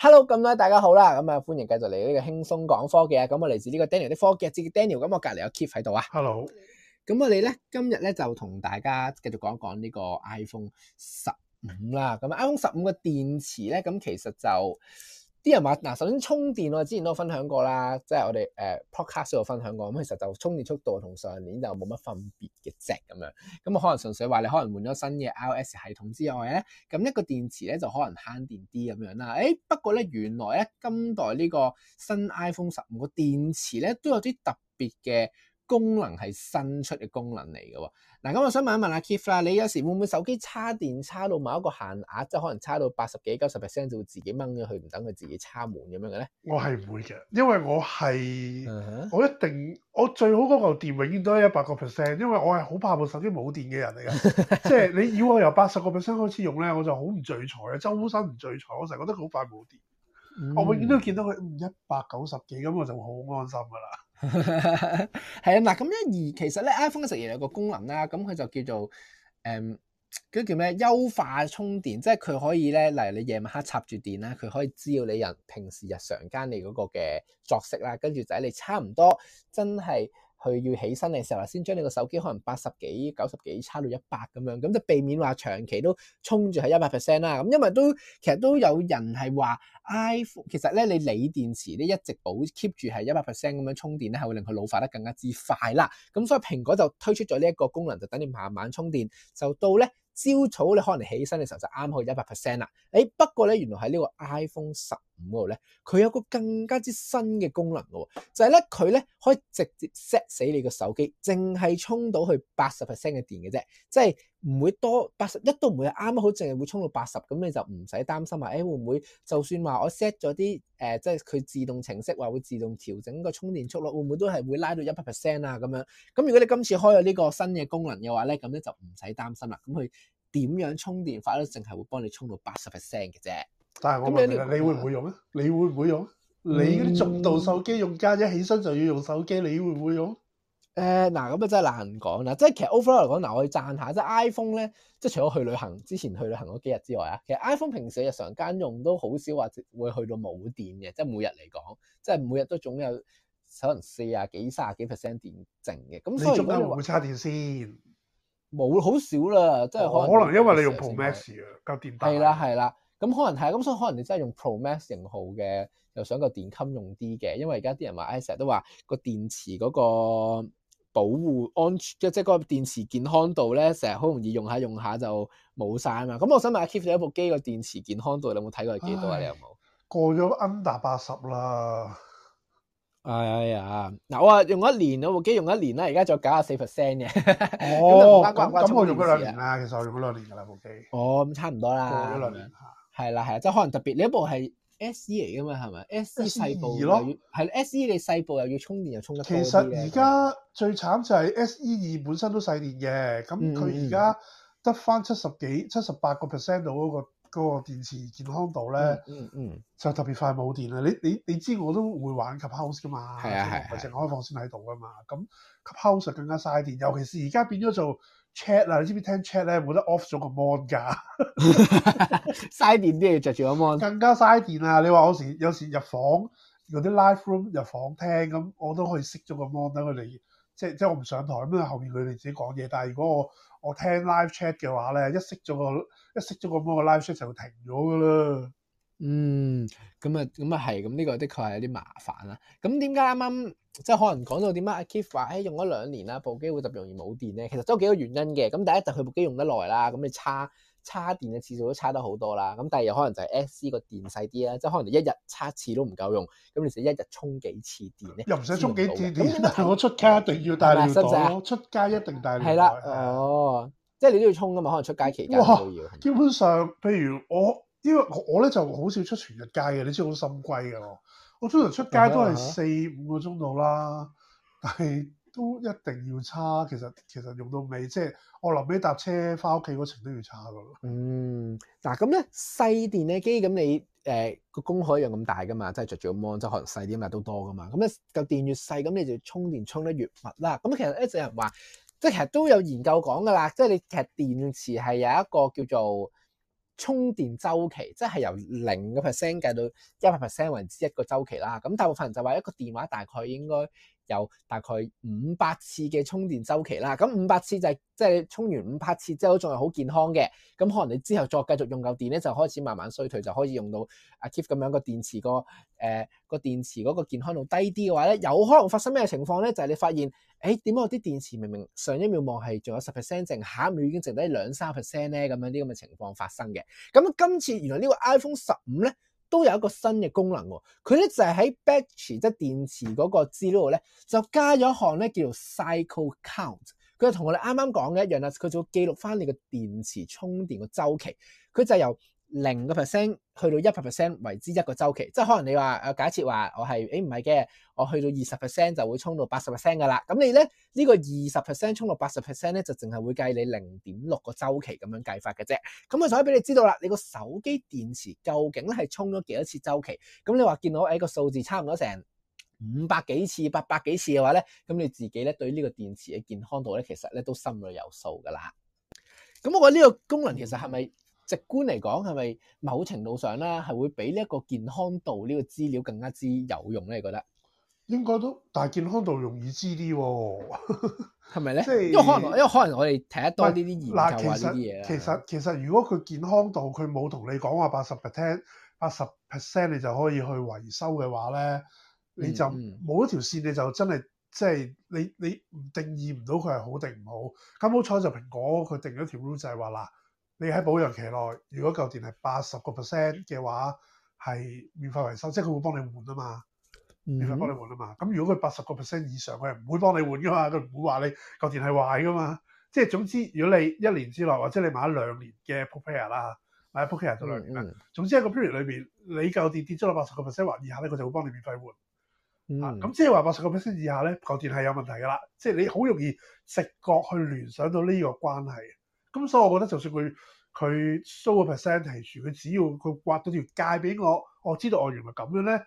hello，咁咧大家好啦，咁啊歡迎繼續嚟呢個輕鬆講科技啊，咁我嚟自呢個 Daniel 啲科技，自己 Daniel，咁我隔籬有 Keep 喺度啊。hello，咁我哋咧今日咧就同大家繼續講一講呢個 iPhone 十五啦，咁 iPhone 十五個電池咧，咁其實就。啲人話嗱、啊，首先充電我之前都分享過啦，即係我哋誒、呃、podcast 都有分享過，咁其實就充電速度同上年就冇乜分別嘅啫咁樣，咁啊可能純粹話你可能換咗新嘅 iOS 系統之外咧，咁一個電池咧就可能慳電啲咁樣啦。誒、欸、不過咧，原來咧今代呢個新 iPhone 十五個電池咧都有啲特別嘅功能係新出嘅功能嚟嘅喎，嗱、啊、咁我想問一問阿 Kif 啦，你有時會唔會手機叉電叉到某一個限額，即係可能叉到八十幾、九十 percent 就會自己掹咗佢，唔等佢自己插滿咁樣嘅咧？我係唔會嘅，因為我係、uh huh. 我一定我最好嗰嚿電永遠都係一百個 percent，因為我係好怕部手機冇電嘅人嚟嘅，即係 你要我由八十個 percent 開始用咧，我就好唔聚財啊，周身唔聚財，我成日覺得佢好快冇電，mm hmm. 我永遠都見到佢一百九十幾咁，我就好安心噶啦。係啊，嗱咁樣而其實咧 iPhone 一直有個功能啦，咁佢就叫做誒、嗯，叫咩？優化充電，即係佢可以咧，例如你夜晚黑插住電啦，佢可以知到你人平時日常間你嗰個嘅作息啦，跟住就喺你差唔多真係。佢要起身嘅時候，先將你個手機可能八十幾、九十幾，差到一百咁樣，咁就避免話長期都充住係一百 percent 啦。咁因為都其實都有人係話，iPhone 其實咧你鋰電池你一直保 keep 住係一百 percent 咁樣充電咧，係會令佢老化得更加之快啦。咁所以蘋果就推出咗呢一個功能，就等你慢慢充電，就到咧。朝早你可能起身嘅時候就啱好一百 percent 啦，誒不過咧，原來喺呢個 iPhone 十五嗰度咧，佢有個更加之新嘅功能嘅，就係咧佢咧可以直接 set 死你個手機，淨係充到去八十 percent 嘅電嘅啫，即係。唔會多八十，一都唔會，啱好淨係會充到八十，咁你就唔使擔心啊。誒、哎，會唔會就算話我 set 咗啲誒，即係佢自動程式話會自動調整個充電速率，會唔會都係會拉到一百 percent 啊？咁樣，咁如果你今次開咗呢個新嘅功能嘅話咧，咁咧就唔使擔心啦。咁佢點樣充電，法咧，淨係會幫你充到八十 percent 嘅啫。但係我問你，你會唔會用呢，你會唔會用啊？嗯、你會唔會用啊？你嗰啲重度手機用家一起身就要用手機，你會唔會用？誒，嗱、呃，咁啊真係難講啦，即係其實 overall 嚟講，嗱，我可以讚下，即係 iPhone 咧，即係除咗去旅行之前去旅行嗰幾日之外啊，其實 iPhone 平時日常間用都好少話會去到冇電嘅，即係每日嚟講，即係每日都總有可能四啊幾、卅幾 percent 電剩嘅，咁、嗯、所以會唔會冇插電先？冇，好少啦，即係可能、哦，可能因為你用 Pro Max 啊，夠電大係啦係啦，咁、嗯、可能係，咁所以可能你真係用 Pro Max 型號嘅，又想個電襟用啲嘅，因為而家啲人話，I 成日都話個電池嗰、那個。保護安全，即係，即係個電池健康度咧，成日好容易用下用下就冇晒啊嘛。咁、嗯、我想問阿 Kip，你一部機個電池健康度你有冇睇過係幾多啊？你有冇？過咗 under 八十啦？哎呀，嗱我啊用一年，我部機用一年啦，而家仲有九十四 percent 嘅。 哦，咁咁我用咗兩年啦，其實我用咗兩年噶啦部機。哦、咁、嗯、差唔多啦。過咗兩年。係啦係啊，即係可能特別你部係。S E 嚟噶嘛，係咪？S E 細部咯。係係 S, s, E 你細部又要充電又充得，其實而家最慘就係 S E 二本身都細電嘅，咁佢而家得返七十幾、七十八個 percent 到嗰個嗰電池健康度咧、嗯，嗯嗯，就特別快冇電啦。你你你知我都會玩 Clubhouse 噶嘛，係啊係啊，成日開房先喺度噶嘛，咁 Clubhouse、啊啊、 e 實更加嘥電，嗯、尤其是而家變咗做。chat 嗱， 你知唔知聽 chat 咧，冇得 off 咗個 mon 㗎，嘥電啲嘢着住個 mon，更加嘥電啊！你話有時有時入房嗰啲 live room 入房聽咁，我都可以熄咗個 mon，等佢哋即係即係我唔上台咁啊，因為後面佢哋自己講嘢。但係如果我我聽 live chat 嘅話咧，一熄咗個一熄咗個 mon 嘅 live chat 就會停咗㗎啦。嗯，咁啊，咁啊係，咁呢、這個的確係有啲麻煩啦。咁點解啱啱即係可能講到點解阿 Kif 話誒、哎，用咗兩年啦，部機會特別容易冇電咧。其實都有幾個原因嘅。咁第一就佢、是、部機用得耐啦，咁你叉插電嘅次數都叉得好多啦。咁第二可能就係 S C 個電細啲啦，即係可能你一日叉次都唔夠用，咁你使一日充幾次電咧？又唔使充幾次電？次電我出街一定要帶，靚仔、嗯。我出街一定帶靚仔。係啦，哦，即係你都要充噶嘛？可能出街期間都要哇。基本上，譬如我。因為我咧就好少出全日街嘅，你知我好心歸嘅我，我通常出街都係四五個鐘度啦，但係都一定要差。其實其實用到尾，即係我臨尾搭車翻屋企嗰程都要差嘅咯。嗯，嗱，咁咧，細電力機，咁你誒個功耗一樣咁大㗎嘛，即係着住個 mon，即可能細啲嘛都多㗎嘛。咁咧個電越細咁，你就充電充得越密啦。咁其實一直人話，即係其實都有研究講㗎啦，即係你其實電池係有一個叫做～充電周期即係由零個 percent 計到一百 percent，為之一個周期啦。咁大部分人就話，一個電話大概應該。有大概五百次嘅充電周期啦，咁五百次就係即係充完五百次之後，仲係好健康嘅。咁可能你之後再繼續用夠電咧，就開始慢慢衰退，就開始用到阿 Kip 咁樣個電池個誒個電池嗰個健康度低啲嘅話咧，有可能發生咩情況咧？就係你發現，誒點解我啲電池明明上一秒望係仲有十 percent 剩，下一秒已經剩低兩三 percent 咧？咁樣啲咁嘅情況發生嘅。咁今次原來呢個 iPhone 十五咧。都有一個新嘅功能，佢咧就係喺 battery 即係電池嗰個資料度咧，就加咗一項咧叫做 cycle count。佢就同我哋啱啱講嘅一樣啊，佢就會記錄翻你嘅電池充電嘅周期。佢就由零個 percent 去到一百 percent 為之一個周期，即係可能你話誒，假設話我係誒唔係嘅，我去到二十 percent 就會充到八十 percent 嘅啦。咁你咧呢個二十 percent 充到八十 percent 咧，就淨係會計你零點六個周期咁樣計法嘅啫。咁我就可以俾你知道啦，你個手機電池究竟係充咗幾多次周期？咁你話見到誒個數字差唔多成五百幾次、八百幾次嘅話咧，咁你自己咧對呢個電池嘅健康度咧，其實咧都心裏有數嘅啦。咁我覺得呢個功能其實係咪？直觀嚟講係咪某程度上咧，係會比呢一個健康度呢個資料更加之有用咧？你覺得應該都，但係健康度容易知啲喎、哦，係咪咧？因為可能因為可能我哋睇得多啲啲研究啊呢啲嘢其實其實,其實如果佢健康度佢冇同你講話八十 percent 八十 percent 你就可以去維修嘅話咧，你就冇、嗯、一條線，你就真係即係你你唔定義唔到佢係好定唔好。咁好彩就蘋果佢定咗條 rule 就係話嗱。你喺保養期內，如果舊電係八十個 percent 嘅話，係免費維修，即係佢會幫你換啊嘛，免費幫你換啊嘛。咁、mm hmm. 如果佢八十個 percent 以上，佢唔會幫你換噶嘛，佢唔會話你舊電係壞噶嘛。即係總之，如果你一年之內，或者你買咗兩年嘅 prepare 啦，買咗 prepare 兩年啦。Mm hmm. 總之喺個 period 裏邊，你舊電跌咗落八十個 percent 或以下咧，佢就會幫你免費換。咁、mm hmm. 啊、即係話八十個 percent 以下咧，舊電係有問題噶啦。即係你好容易直覺去聯想到呢個關係。咁所以，我覺得就算佢佢 show 個 percentage，佢只要佢刮到條界俾我，我知道我原來咁樣咧，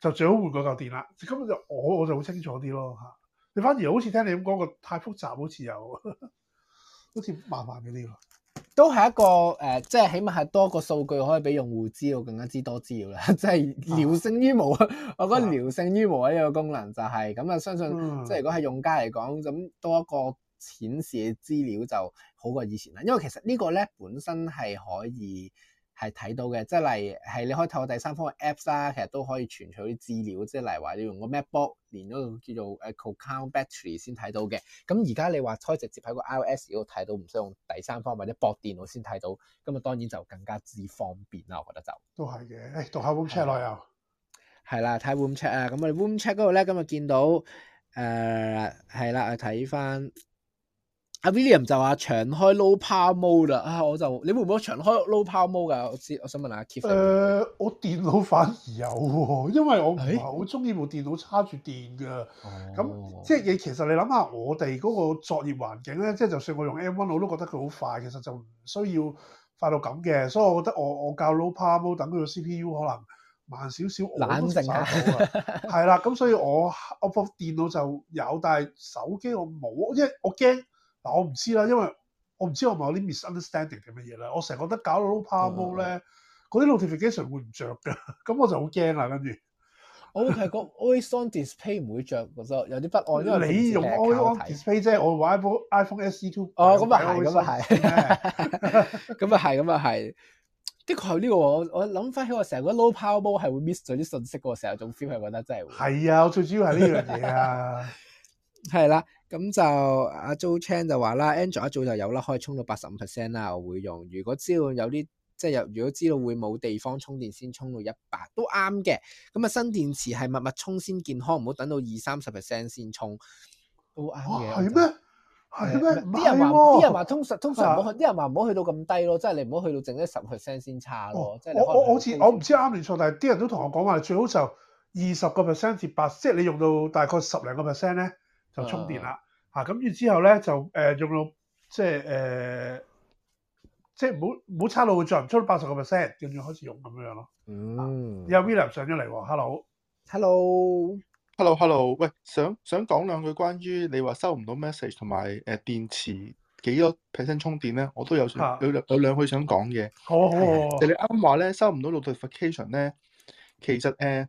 就最好換個嚿電啦。根本就我我就好清楚啲咯嚇。你反而好似聽你咁講個太複雜，好似又好似麻煩啲咯。都係一個誒，即、呃、係、即係、起碼係多個數據可以俾用戶知道更加之多資料啦，即係聊勝於無。唉我覺得聊勝於無呢個功能就係咁啊！唉相信、嗯、即係如果係用家嚟講，咁多一個。顯示嘅資料就好過以前啦，因為其實個呢個咧本身係可以係睇到嘅，即係例如，係你可以透過第三方嘅 Apps 啦、啊，其實都可以存取啲資料，即係例如話你用個 MacBook 連嗰個叫做誒、e、Coconut Battery 先睇到嘅。咁而家你話開直接喺個 iOS 度睇到，唔使用第三方或者駁電腦先睇到，咁啊當然就更加之方便啦，我覺得就都係嘅。誒，讀下，下的又 Room Chat 內啊，係啦，睇 Room Chat 啊。咁我哋 Room Chat 嗰度咧，今日見到誒係啦，睇、呃、翻。阿 William 就話長開 low power mode 啦，啊我就你會唔會長開 low power mode 㗎？我知我想問下阿 Keith。誒、呃，我電腦反而有喎，因為我唔係好中意部電腦叉住電嘅。咁唉即係你其實你諗下，我哋嗰個作業環境咧，即係就算我用 M One，我都覺得佢好快。其實就唔需要快到咁嘅，所以我覺得我我教 low power mode 等佢個 CPU 可能慢少少，冷靜啊。係 啦，咁所以我我部電腦就有，但係手機我冇，因為我驚。但我唔知啦，因為我唔知我咪有啲 misunderstanding 定乜嘢啦。我成日覺得搞到 low power 咧，嗰啲 notification 會唔着噶，咁我就好驚啦。跟住我會係講 Always On Display 唔 會著，覺得有啲不安。因為你用，用 Always On Display 啫，我話 iPhone iPhone SE Two 啊咁啊，咁啊係，咁啊係，咁啊係，的確係呢個。我我諗翻起我成日 low power mode 係會 miss 咗啲信息嗰個時候，仲 feel 係覺得真係會係啊！我最主要係呢樣嘢啊，係啦。咁就阿 Joe Chan 就話啦，Android 一早就有啦，可以充到八十五 percent 啦，我會用。如果知道有啲即係有，如果知道會冇地方充電，先充到一百都啱嘅。咁啊，新電池係密密充先健康，唔好等到二三十 percent 先充，都啱嘅。哇，係咩？係咩？啲、啊、人話，啲、啊、人話通常通常唔好，啲、啊、人話唔好去到咁低咯，即係你唔好去到剩低十 percent 先差咯。哦、即我我好似我唔知啱唔錯，但係啲人都同我講話最好就二十個 percent 至八，8, 即係你用到大概十零個 percent 咧。呢就充電啦，嚇、啊！咁、啊、之後咧就誒、呃、用到即係誒，即係唔好唔好差到佢，到再唔出到八十個 percent，跟住開始用咁樣咯。嗯，有 William 上咗嚟喎，Hello，Hello，Hello，Hello，hello, hello。喂，想想講兩句關於你話收唔到 message 同埋誒、呃、電池幾多 percent 充電咧，我都有、啊、有有兩句想講嘅。好好，誒你啱話咧收唔到 notification 咧，其實誒。呃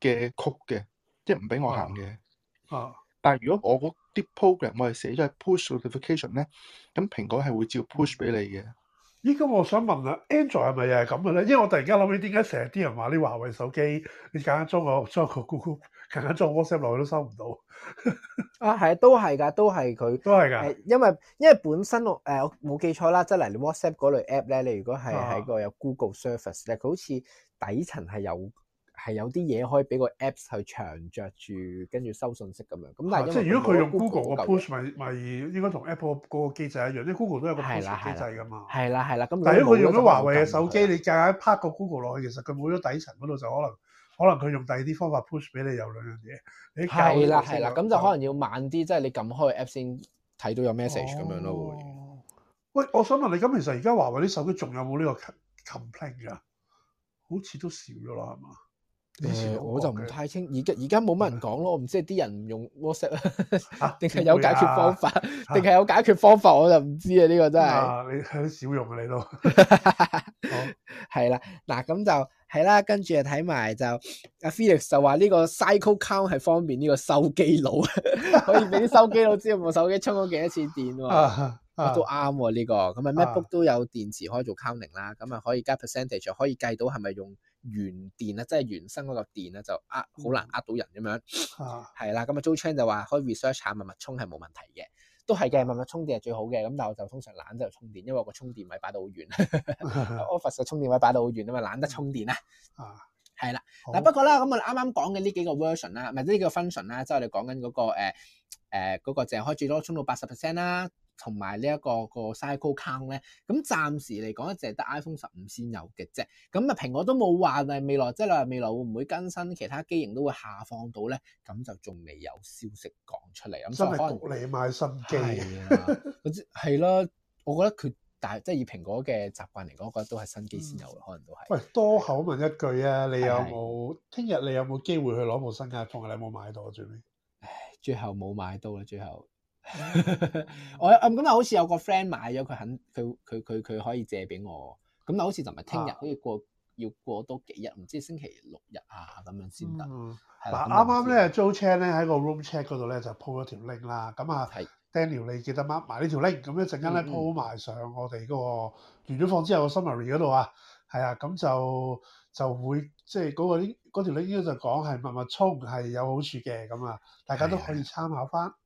嘅曲嘅，即係唔俾我行嘅。啊！但係如果我嗰啲 program 我係寫咗係 push notification 咧，咁蘋果係會照 push 俾你嘅。咦？咁我想問啊，Android 係咪又係咁嘅咧？因為我突然間諗起，點解成日啲人話啲華為手機你簡簡裝個裝個 Google，簡簡裝 WhatsApp 落去都收唔到啊？係啊，都係噶，都係佢。都係噶。因為因為本身我誒我冇記錯啦，即係嚟你 WhatsApp 嗰類 app 咧，你如果係喺個有 Google service 咧，佢好似底層係有。係有啲嘢可以俾個 apps 去長着住，跟住收信息咁樣。咁但係即係如果佢用 Google 嘅 push 咪咪應該同 Apple 個機制一樣，即係 Google 都有個 push 機制噶嘛。係啦係啦。但如果佢用咗華為嘅手機，你夾下 part 個 Google 落去，其實佢冇咗底層嗰度就可能可能佢用第二啲方法 push 俾你有兩樣嘢。你係啦係啦，咁就可能要慢啲，即係你撳開個 apps 先睇到有 message 咁樣咯。哦。喂，我想問你，咁其實而家華為啲手機仲有冇呢個 complaint 㗎？好似都少咗啦，係嘛？嗯、我就唔太清，而家而家冇乜人講咯，我唔知係啲人唔用 WhatsApp 定係有解決方法，定係有解決方法，我就唔知啊。呢個真係 你好少用，啊，你都 好，係啦，嗱咁就係啦，跟住就睇埋就阿 Felix 就話呢個 Cycle Count 係方便呢個收機佬， 可以俾啲收機佬知道部手機充咗幾多次電， sı f aring 都啱喎呢個。咁啊 MacBook 都有電池可以做 Counting 啦，咁啊 可以加 Percentage 可以計到係咪用。原電啊，即係原生嗰個電就呃好難呃到人咁樣，係啦。咁啊，Jo Chan 就話可以 research 下密密充係冇問題嘅，都係嘅，密密充電係最好嘅。咁但係我就通常懶就充電，因為我個充電位擺到好遠，office 嘅充電位擺到好遠啊嘛，懶得充電啊。啊的，係啦好。嗱不過啦，咁、嗯、我哋啱啱講嘅呢幾個 version 啦，唔係呢個 function 啦，即係我哋講緊嗰個誒誒嗰個淨係可以最多充到八十 percent 啦。同埋呢一個、那個 cycle count 咧，咁暫時嚟講，淨係得 iPhone 十五先有嘅啫。咁啊，蘋果都冇話誒未來，即係未來會唔會更新其他機型都會下放到咧？咁就仲未有消息講出嚟。咁真係焗你買新機啊？嗰啲係咯，我覺得佢大即係以蘋果嘅習慣嚟講，我覺得都係新機先有，可能都係。喂，多口問一句啊，啊你有冇聽日你有冇機會去攞部新 iPhone 你有冇買到最尾？唉，最後冇買到啦，最後。 我咁啊，好似有個 friend 買咗，佢肯佢佢佢佢可以借俾我。咁啊，好似就唔係聽日，好似過要過多幾日，唔知星期六日啊咁樣先得。嗱、嗯，啱啱咧 Joe Cha 咧喺個 Room Chat 嗰度咧就鋪咗條 link 啦。咁好、嗯、啊是，Daniel，你記得 mark 埋呢條 link。咁一陣間咧鋪埋上我哋嗰、那個完咗房之後嘅 summary 嗰度啊，係啊，咁就就會即係嗰個條 link 應該就講係密密充係有好處嘅，咁啊，大家都可以參考翻。